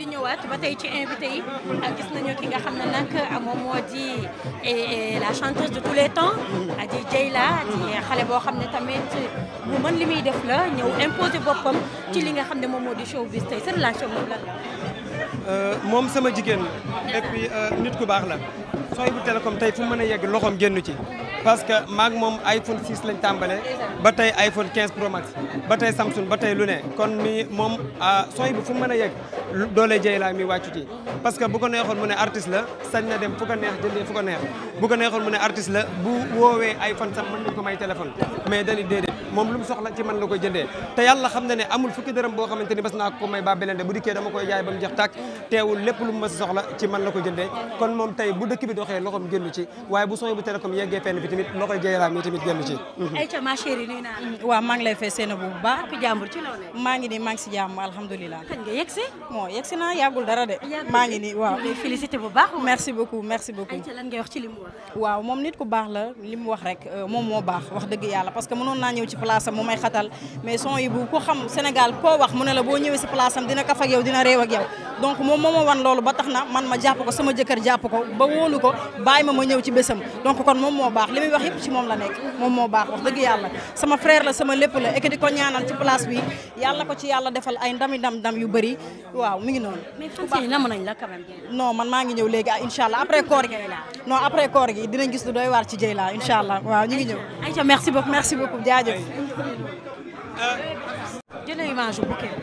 di ñëwaat ba tey ci invité yi gis nañu ki nga xam ne nag moom moo di eh, eh, la chanteuse de tous les temps di Dieyla di xale boo xam ne tamit bu man li muy def la ñëw imposé boppam ci li nga xam ne moom moo di i tey sa relation moom euh, moom sama jigéen la euh, nit ku baax la Souhaibou Télécom tey fu mu mën a yegg loxoom génn ci parce que maag moom iPhone 6 lañ tàmbalee ba tey iPhone 15 Pro ba tey Samsung ba tey lu ne kon mi moom ah, Souhaibou fu mu mën a yegg doole jëy laa mi wàccu ci parce que bu ko neexoon mu ne artiste la sañ na dem fu ko neex jëndee fu ko neex bu ko neexoon mu ne artiste la bu woowee iPhone sax man nañ ko may téléphone mais dañuy déedéet moom lu mu soxla ci man la koy jëndee te yàlla xam na ne amul fukki dërëm boo xamante ni bas naa ko may ba beneen bu dikkee dama koy jaay ba mu jeex tàkk teewul lépp lu mu mas soxla ci man la ko jëndee kon moom tey bu dëkk bi doxee loxoom génn ci waaye bu sooy bu télécom yeggee fenn bi tamit loxoy jayraam yi tamit génn ci mm-hmm. ayca ma chérie nuyu naa mm-hmm. ngi lay fay seen bu baax ak jàmbur ci loolu ngi ni maa ngi si jàmm alhamdulilah kañ place am mu may mais son yi ko xam Sénégal koo wax mu ne la boo ñëwee si place am dina kaf ak yow dina réew ak yow donc moom moo ma wan loolu ba na man ma jàpp ko sama jëkkër jàpp ko ba wóolu ko bàyyi ma ma ñëw ci bésam donc kon moom moo baax li muy wax yëpp ci moom la nekk moom moo baax wax dëgg yàlla sama frère la sama lépp la et que di ko ñaanal ci place bi yàlla ko ci yàlla defal ay ndami ndam ndam yu bëri waaw mi ngi noonu non man maa ngi ñëw léegi ah incha allah après koor gi non après koor gi dinañ gis ñu ngi jële image bu bouquet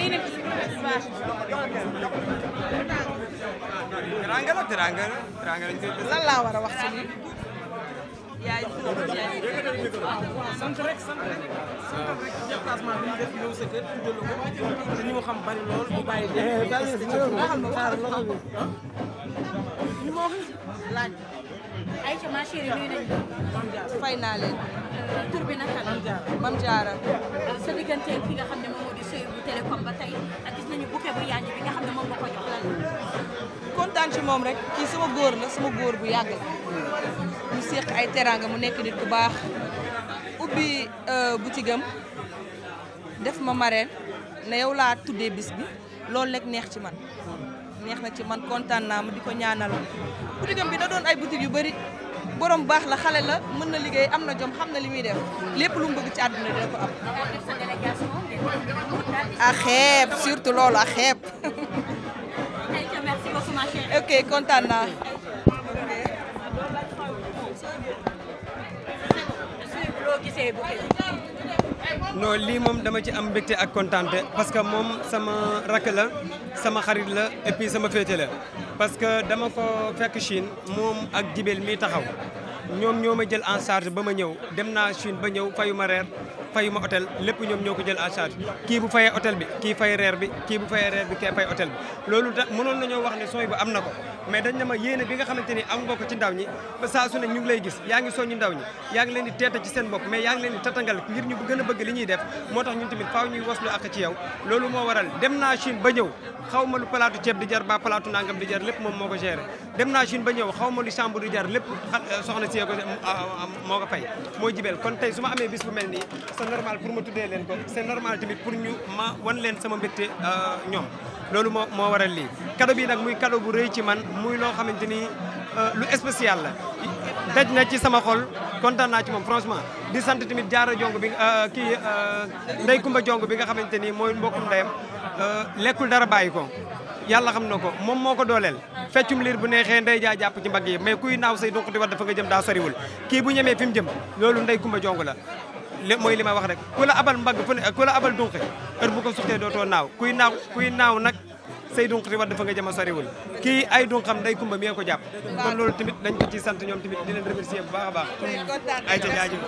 teranga la teranga la teranga lan laa war a wax ci lii yaay sant rek sant rek sant rek déplacement bi ñu def ñëw sa kër tuddal ko te ñi mu xam bari lool bu bàyyi def eh, Aïcha ma chérie nuyu nañu la. fay naa leen. Euh, Mam Diarra. Euh, sa diggante ki nga xam ne moom moo di sëy bu télécom ba tey ak gis nañu bouquet bu yaañu bi nga xam ne moom nga jox lan kontaan ci moom rek kii sama góor la sama góor bu yàgg la. mu séq ay teraanga mu nekk nit ku baax. ubbi euh, boutique am def ma marraine ne yow laa tuddee bis bi loolu rek neex ci man. neex na ci man kontaan naa ma di ko ñaanal boutique bi da doon ay boutique yu bari borom baax la xale la mën na liggéey am na jom xam na li muy def lépp lu mu bëgg ci àdduna dina ko am. a ah, xeeb surtout loolu a ah, xeeb. ok kontaan naa. non lii moom dama ci am mbégte ak kontaante parce que moom sama rakk la sama xarit la et sama féete la parce que dama ko fekk Chine moom ak jibeel mi taxaw ñoom ñoo ma jël en charge ba ma ñëw dem naa Chine ba ñëw fayu ma reer fayuma hôtel lépp ñoom ñoo ko jël a ah, soxna si ah, ah, moo ko moo jibeel kon tey su amee bis bu mel nii dafa normal ma tuddee leen ko c'est normal pour ñu ma wan leen sama mbégte euh, ñoom loolu moo moo waral lii cadeau bi nag muy cadeau bu rëy ci man muy loo xamante ni euh, lu spécial la daj na ci sama xol kontaan naa ci moom franchement di sant tamit jaara jong bi euh, kii ndey kumba jong bi nga xamante ni mooy mbokkum ndeyam lekkul dara bàyyi ko yàlla xam na ko moom moo ko dooleel feccum liir bu neexee nday jaa jàpp ci mbagg yi mais kuy naaw say dunq di wax dafa nga jëm daa soriwul kii bu ñemee fi mu jëm loolu ndey kumba jong la li mooy li ma wax rek ku la abal mbagg fu ne ku la abal dunqi heure bu ko suxtee dootoo naaw kuy naaw kuy naaw nag say dunq di war dafa nga jama a soriwul kii ay dunqam day kumba mi ko jàpp kon loolu tamit dañ ci sant ñoom tamit di leen remercier baax a baax ay ca jaajëf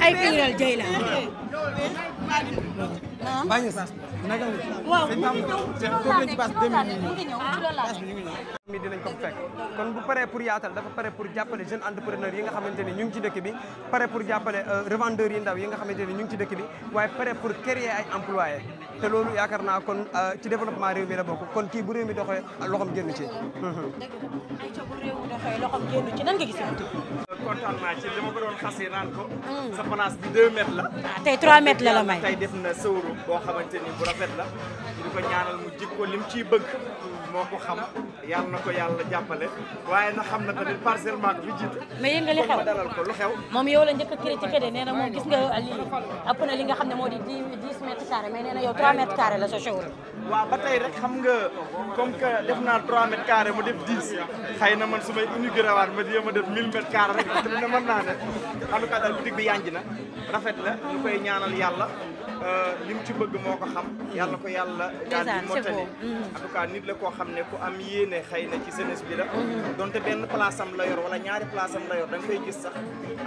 ay piiral jëy la waaw mi dinañ ko fekk kon bu paree pour yaatal dafa pare pour jàppale jeune entrepreneur yi nga xamante ni ñu ngi ci dëkk bi pare pour jàppale euh, revendeurs yi ndaw yi nga xamante ni ñu ngi ci dëkk bi waaye pare pour créer ay employés te loolu yaakaar kon euh, ci développement réew mi la bokk kon kii bu réew mi doxee loxom génn ci. dëgg la bu réew mi kontaan naa ci li ma ko doon xasee naan ko. Mm. sa panache bi 2 mètres la. ah tey 3 mètres la la may na sóoru boo xamante ni bu la. di ko ñaanal mu jikko lim ciy bëgg. moo ko xam yàlla na ko yàlla jàppale. waaye na xam na li xew ma dalal ko lu xew. moom yow la njëkk a critiqué de nee na moom gis nga lii ëpp na li nga xam ne moo di 10 mètres carrés mais nee na yow sa sóoru. waaw ba tey rek xam nga comme que def naa 3 mètres carrés mu def na man su may inauguré waat ma jéem a def 1000 mètres carrés rek. te mën naa ne en tout cas daal bi yanj na rafet la ñu koy ñaanal yàlla Euh, li mu ci bëgg moo ko xam. yàlla ko yàlla daal di mottali mm. en tout cas nit la koo xam ne ku am yéene xëy na ci jeunesse bi la. Mm. donte benn place am la yor wala ñaari place am la yor da nga koy gis sax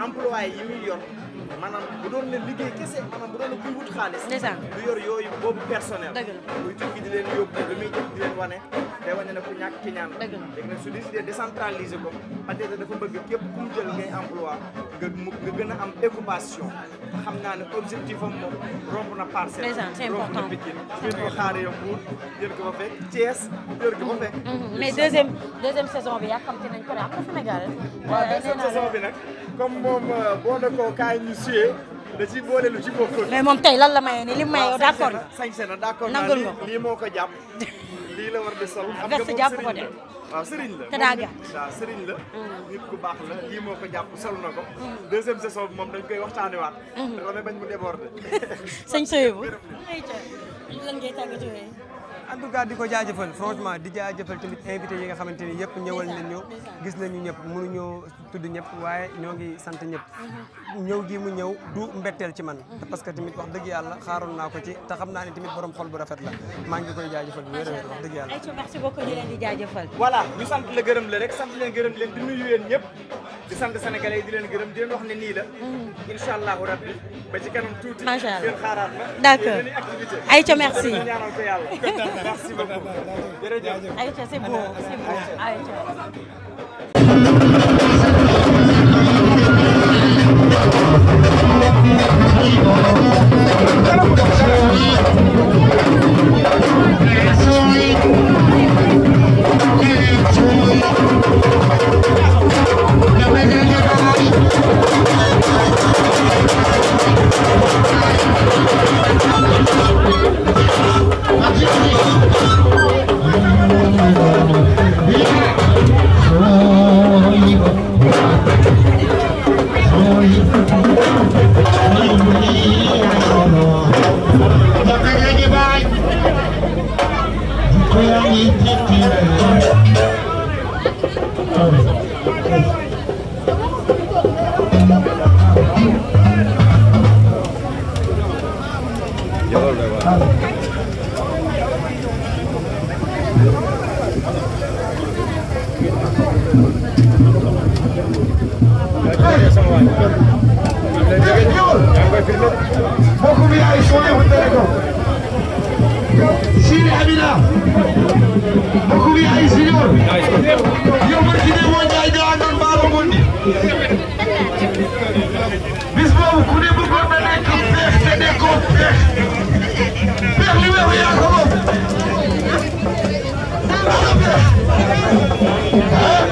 employé yi muy yor. maanaam bu doon le liggéey kese maanaam bu doon ne kuy wut xaalis. du yor yooyu boobu personnel. dëgg la muy tukki di lu muy jëf di leen wane. day wane ne ku ñàkk ki ñaan. la léegi nag su décidé décentraliser ko peut-être dafa bëgg képp ku mu jël ngay emploi nga a xam naa ne objectif am moom romb na parcelle. c' est important romb na Pikine. c' ko xaaree Mbour jël ko ba fekk Thiès jël ko ba fekk. Mhm, mhm. mais deuxième deuxième saison bi yàkkamti nañ ko de am na Sénégal. waaw deuxième saison bi nag comme moom euh, boo ne ko kaay ñu suyee. da ci boole lu ci bokkul. mais moom tey lan la maye ni li mu maye d' accord. sañ se na d' accord naa lii moo ko jàpp lii la war di sol. am nga moom jàpp ko de. waaw sëriñ la te daa gàtt sëriñ la mm. nit ku baax la lii moo ko jàpp sol na ko mm. deuxième saison bi moom dañ koy waxtaane waat mm. dafa ne bañ mu déborder sëñ Soyebu lan ngay tàggatoo en tout cas di ko jaajëfal franchement di jaajëfal tamit invité yi nga xamante ni yëpp ñëwal nañu gis ñu ñëpp ñëw tudd ñëpp waaye ñoo ngi sant ñëpp ñëw gi mu ñëw du mbetteel ci man parce que tamit wax dëgg yàlla xaaroon naa ko ci te xam naa ne tamit borom xol bu rafet la maa ngi koy jaajëfal bu wér a wax dëgg yàlla merci beaucoup ñu leen sant la gërëm la rek sant leen gërëm leen di nuyu yéen ñëpp di sant sénégalais yi di leen gërëm di leen wax ne nii la. Mm. incha allahu rabbi ba ci kanam tuuti. macha allah ngeen xaaraat ma. d' accord ayca merci. merci beaucoup jërëjëf. ayca c' est beau c' est beau ayca. Sidi Amina mbokk mi ay senior bis boobu ku ne bëggoon na nekk peex te nekkoo peex peex li weesu yaa ko moom bul mën a peex ah.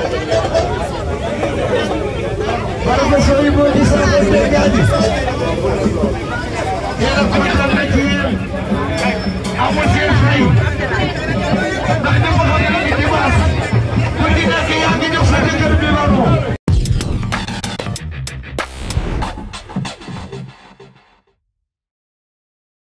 parce que soo yëgoo di saa